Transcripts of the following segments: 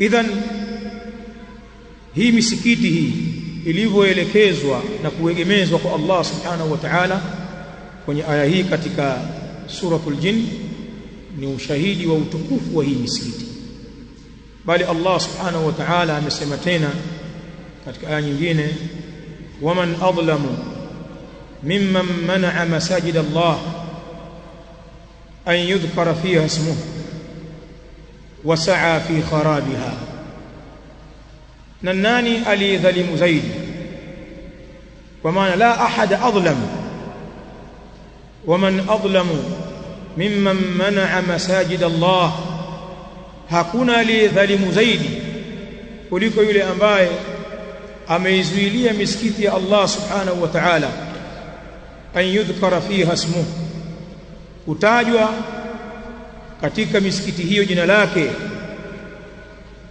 Idhan hii misikiti hii ilivyoelekezwa na kuegemezwa kwa Allah subhanahu wa ta'ala kwenye aya hii katika suratul jin ni ushahidi wa utukufu wa hii misikiti, bali Allah subhanahu wa ta'ala amesema tena katika aya nyingine, waman adlamu mimman manaa masajid Allah an yudhkara fiha ismuhu وسعى في خرابها نناني ألي ذلم زيد ومعنى لا أحد أظلم ومن أظلم ممن منع مساجد الله هكنا لي ذلم زيد كلك يلي أنباي أميزوي لي مسكتي الله سبحانه وتعالى أن يذكر فيها اسمه وتاجوا katika misikiti hiyo jina lake,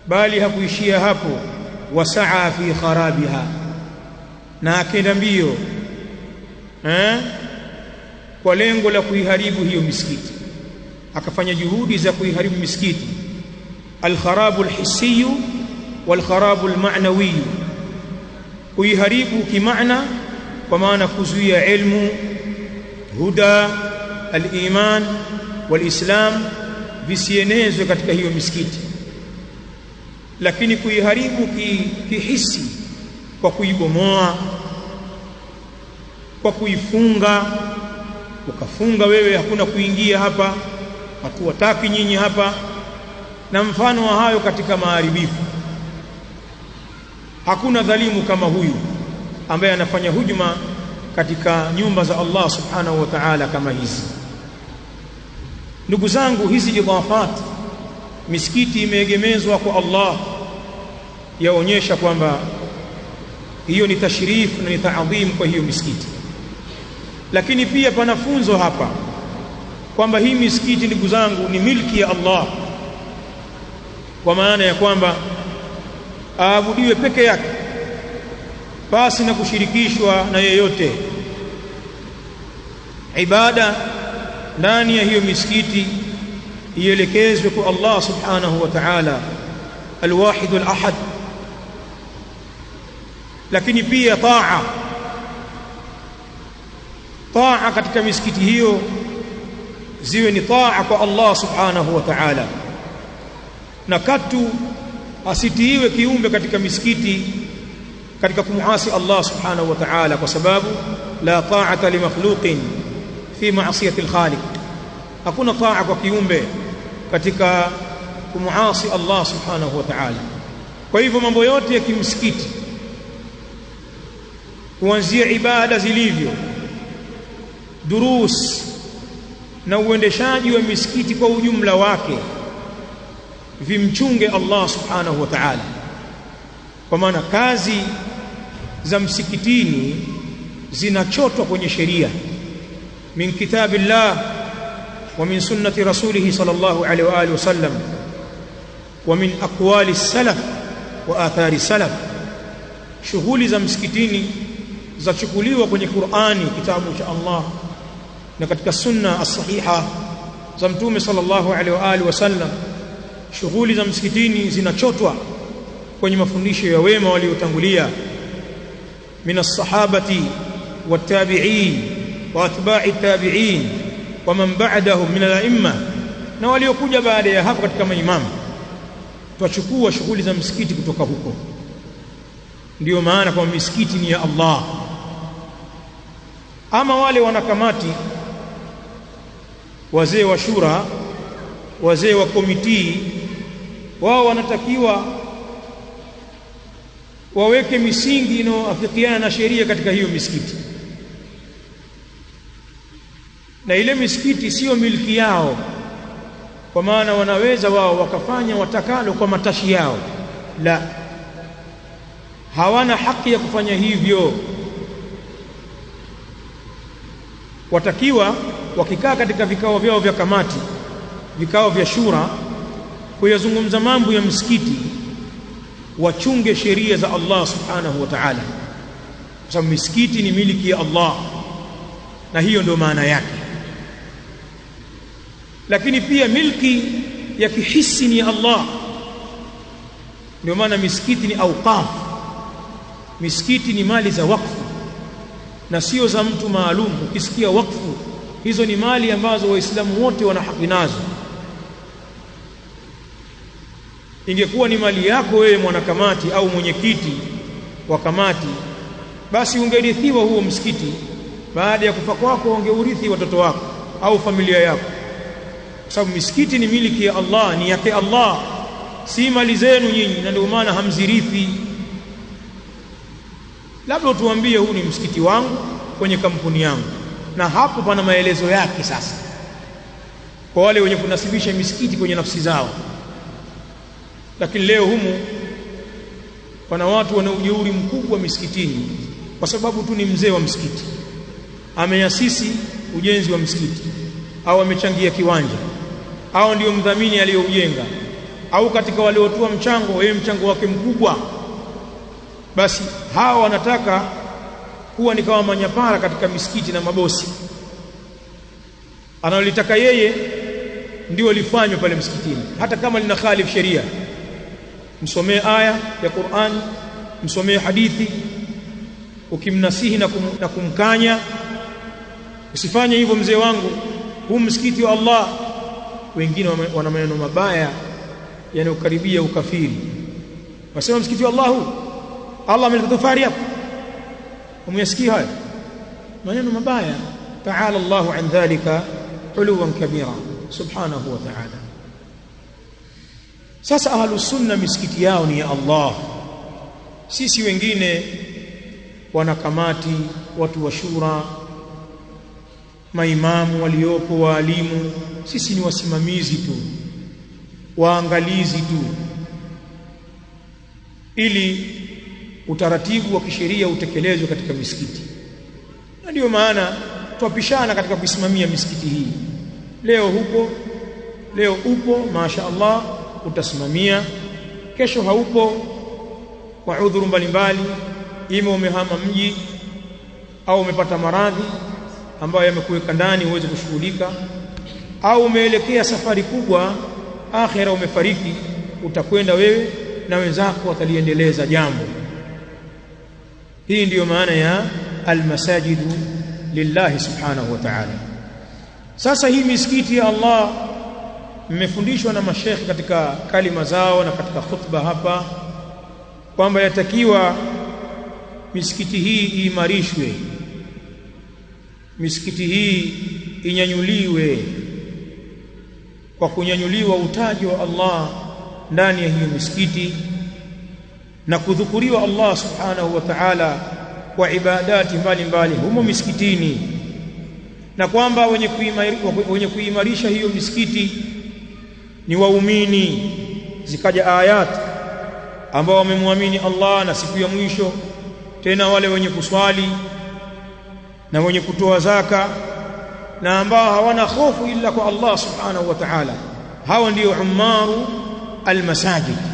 bali hakuishia hapo. Wasaa fi kharabiha, na akenda mbio eh, kwa lengo la kuiharibu hiyo misikiti, akafanya juhudi za kuiharibu misikiti. Alkharabu lhisiyu walkharabu almanawiyu, kuiharibu kimana, kwa maana kuzuia ilmu, huda, aliman walislam visienezwe katika hiyo misikiti, lakini kuiharibu kihisi ki kwa kuibomoa, kwa kuifunga, ukafunga wewe, hakuna kuingia hapa, hatuwataki nyinyi hapa, na mfano wa hayo katika maharibifu. Hakuna dhalimu kama huyu ambaye anafanya hujuma katika nyumba za Allah subhanahu wa ta'ala kama hizi. Ndugu zangu, hizi idhafat misikiti imeegemezwa kwa Allah yaonyesha kwamba hiyo ni tashrifu na ni taadhim kwa hiyo misikiti. Lakini pia pana funzo hapa kwamba hii misikiti, ndugu zangu, ni milki ya Allah, kwa maana ya kwamba aabudiwe peke yake pasi na kushirikishwa na yeyote ibada ndani ya hiyo misikiti ielekezwe kwa Allah subhanahu wa ta'ala alwahidu alahad. Lakini pia taa taa katika misikiti hiyo ziwe ni taa kwa Allah subhanahu wa ta'ala, na katu asitiiwe kiumbe katika misikiti katika kumwasi Allah subhanahu wa ta'ala, kwa sababu la ta'ata limakhluqin fi maasiyati alkhaliq, hakuna taa kwa kiumbe katika kumuasi Allah subhanahu wa ta'ala. Kwa hivyo mambo yote ya kimsikiti kuanzia ibada zilivyo, durus na uendeshaji wa misikiti kwa ujumla wake, vimchunge Allah subhanahu wa ta'ala, kwa maana kazi za msikitini zinachotwa kwenye sheria min kitabi llah wa min sunnati rasulihi sallallahu alaihi wa alihi wasallam wa min aqwali salaf wa athari salaf. Shughuli za msikitini zachukuliwa kwenye Qur'ani, kitabu cha Allah na katika sunna as-sahiha za Mtume sallallahu alaihi wa alihi wasallam. Shughuli za msikitini zinachotwa kwenye mafundisho ya wema waliotangulia min as-sahabati wat-tabi'in wa athba'i tabi'in wa man ba'dahum min al-a'imma, na waliokuja baada ya hapo katika maimamu. Twachukua shughuli za msikiti kutoka huko. Ndiyo maana kwamba misikiti ni ya Allah. Ama wale wanakamati, wazee wa shura, wazee wa komitii, wao wanatakiwa waweke misingi inayoafikiana na sheria katika hiyo misikiti na ile misikiti siyo milki yao, kwa maana wanaweza wao wakafanya watakalo kwa matashi yao. La, hawana haki ya kufanya hivyo. Watakiwa wakikaa katika vikao vyao vya kamati, vikao vya shura, kuyazungumza mambo ya msikiti, wachunge sheria za Allah subhanahu wa ta'ala, kwa sababu misikiti ni miliki ya Allah, na hiyo ndio maana yake lakini pia milki ya kihisi ni ya Allah. Ndio maana misikiti ni auqaf, misikiti ni mali za wakfu na sio za mtu maalum. Ukisikia wakfu, hizo ni mali ambazo Waislamu wote wana haki nazo. Ingekuwa ni mali yako wewe mwanakamati au mwenyekiti wa kamati, basi ungerithiwa huo msikiti. Baada ya kufa kwako, ungeurithi watoto wako au familia yako kwa sababu misikiti ni miliki ya Allah, ni yake Allah, si mali zenu nyinyi, na ndio maana hamzirithi. Labda utuambie huu ni msikiti wangu kwenye kampuni yangu, na hapo pana maelezo yake. Sasa kwa wale wenye kunasibisha misikiti kwenye nafsi zao, lakini leo humu pana watu wana ujeuri mkubwa misikitini, kwa sababu tu ni mzee wa msikiti ameasisi ujenzi wa msikiti au amechangia kiwanja au ndio mdhamini aliyoujenga au katika waliotoa mchango, yeye mchango wake mkubwa, basi hawa wanataka kuwa ni kama manyapara katika misikiti na mabosi. Analolitaka yeye ndio lifanywe pale msikitini, hata kama lina khalifu sheria. Msomee aya ya Qur'ani, msomee hadithi, ukimnasihi na, kum, na kumkanya. Usifanye hivyo mzee wangu, huu msikiti wa Allah wengine wana maneno mabaya yanayokaribia ukafiri. Wasema msikiti wa Allahu, Allah ameleta fahari hapo, umeyasikia hayo maneno mabaya. Taala Allahu an dhalika uluwan kabira, subhanahu wa taala. Sasa ahlusunna misikiti yao ni ya Allah, sisi wengine wanakamati, watu wa shura maimamu waliopo, waalimu, sisi ni wasimamizi tu, waangalizi tu, ili utaratibu wa kisheria utekelezwe katika misikiti. Na ndiyo maana twapishana katika kuisimamia misikiti hii. Leo huko, leo upo, masha Allah, utasimamia. Kesho haupo kwa udhuru mbalimbali, ima umehama mji au umepata maradhi ambayo yamekuweka ndani uweze kushughulika, au umeelekea safari kubwa, akhera umefariki, utakwenda wewe na wenzako wataliendeleza jambo. Hii ndiyo maana ya almasajidu lillahi subhanahu wa ta'ala. Sasa hii misikiti ya Allah mmefundishwa na mashekhe katika kalima zao na katika khutba hapa kwamba yatakiwa misikiti hii iimarishwe misikiti hii inyanyuliwe kwa kunyanyuliwa utaji wa Allah ndani ya hiyo misikiti na kudhukuriwa Allah subhanahu wa ta'ala kwa ibadati mbalimbali humo misikitini na kwamba wenye wenye kuimarisha hiyo misikiti ni waumini zikaja ayat ambao wamemwamini Allah na siku ya mwisho tena wale wenye kuswali na wenye kutoa zaka na ambao hawana hofu illa kwa Allah subhanahu wa ta'ala. Hawa ndio umaru almasajid.